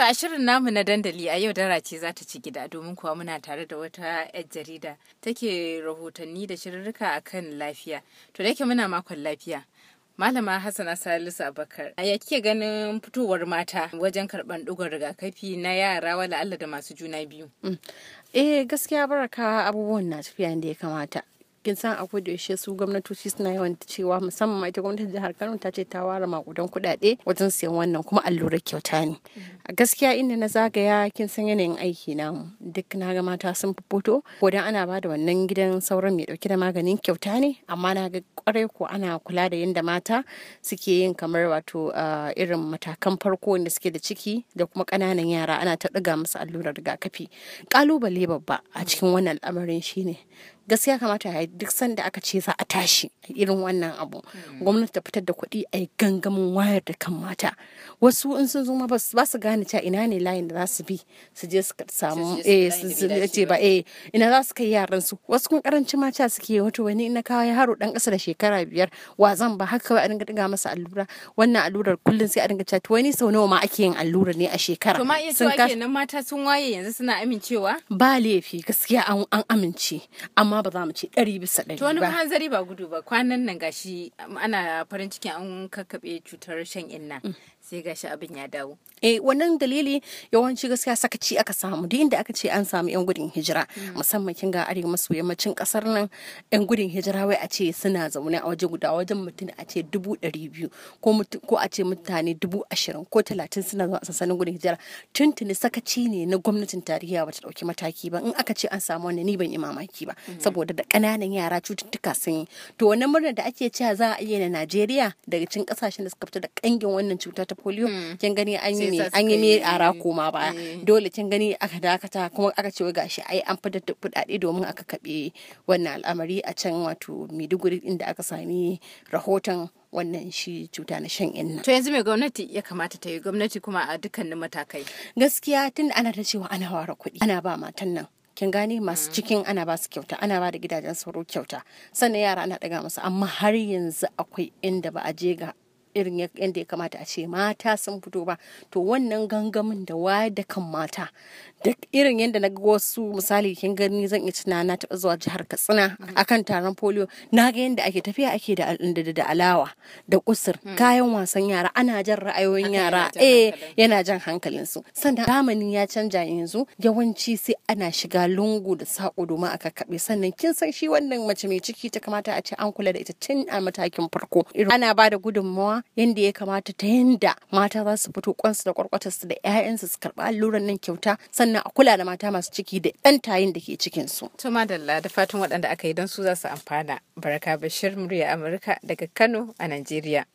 To a shirin namu na dandali a yau dara ce za ta ci gida domin kuwa muna tare da wata 'yar jarida take rahotanni da a akan lafiya. To da muna makon lafiya. Malama Hassana Salisu Abakar, a yake ganin fitowar mata wajen karɓar ɗugon rigakafi na yara wala Allah da masu juna biyu? Mm. Eh gaskiya baraka abubuwan na tafiya da ya kamata. kin san a da yaushe su gwamnatoci suna yawan cewa musamman ita gwamnati jihar Kano ta ce ta ware makudan kudade wajen siyan wannan kuma allurar kyauta ne mm. gaskiya inda na zagaya kin san yanayin aiki na duk na ga mata sun fito ko dan ana bada wannan gidan sauran mai dauke da maganin kyauta ne amma na ga kwarai ko ana kula da yadda mata suke yin kamar wato ah, irin matakan farko da suke da ciki da kuma kananan yara ana ta ɗiga musu allurar rigakafi kalubale babba a cikin wannan al'amarin shine gaskiya kamata ya duk sanda aka ce za a tashi irin wannan abu gwamnati ta fitar da kuɗi a gangamin wayar da kan mata wasu in sun zo ma ba su gane gane cewa ina ne layin da za su bi su je su samu su eh, ce ba eh ina za su kai yaran su wasu kun karancin mata suke wato wani ina kawo haro dan kasa da shekara biyar wa zan ba haka kawai a dinga dinga masa allura wannan allurar kullum sai a dinga cewa to wani sau nawa ma ake yin allura ne a shekara to ma iya cewa kenan mata sun waye yanzu suna amincewa ba laifi gaskiya an amince amma ba za mu ce ɗari ba to wani hanzari ba gudu ba kwanan nan gashi ana farin ciki an kakkabe cutar shan inna mm. sai gashi abin ya dawo eh nan dalili yawanci gaskiya sakaci aka samu duk inda aka ce an samu yan gudun hijira hmm. musamman kin ga arewa maso yammacin kasar nan yan gudun hijira wai a ce suna zaune a waje guda wajen mutum a ce dubu ɗari biyu ko a ce mutane dubu ashirin ko talatin suna a sansanin gudun hijira tuntuni sakaci ne na gwamnatin tarihiya bata ɗauki mataki ba in aka ce an samu wannan ni ban yi mamaki ba hmm. saboda da ƙananan yara cututtuka sun yi to wannan murnar da ake cewa za a iya na Najeriya daga cikin kasashen da suka fita da kangin wannan cuta ta polio hmm. kin gani an yi an ya yi eh, ara koma ba eh. dole kin gani aka dakata kuma aka ce gashi ai an fitar da kudade domin aka kabe wannan al'amari a can wato Maiduguri inda aka sami rahoton wannan shi cuta na shan inna. To yanzu mai gwamnati ya kamata ta yi gwamnati kuma a dukkanin matakai. Gaskiya tun ana ta cewa ana ware kuɗi ana ba matan nan kin gane masu mm. cikin ana ba su kyauta ana ba da gidajen sauro kyauta sannan yara ana daga musu amma har yanzu akwai inda ba a je ga irin yadda ya kamata a ce mata sun fito ba to wannan gangamin da wayar da kan mata Da irin yadda na ga wasu misali kin gani zan iya tuna na taɓa zuwa jihar Katsina mm-hmm. akan taron polio na ga yadda ake tafiya ake da da alawa da kusur mm. kayan wasan yara ana jan ra'ayoyin yara eh yana jan eh, hankalinsu su sannan zamani ya canja yanzu yawanci sai ana shiga lungu da sako domin a kaɓe sannan kin san shi wannan mace mai ciki ta kamata a ce an kula da ita tun a matakin farko ana ba da gudunmawa yadda ya kamata ta yadda mata za su fito kwansu da kwarkwatarsu da 'ya'yansu su karɓi alluran nan kyauta sannan a kula da mata masu ciki da ɗan tayin da ke cikinsu. To madalla da fatan waɗanda aka yi don su za su amfana. Baraka Bashir murya Amurka daga Kano a Najeriya.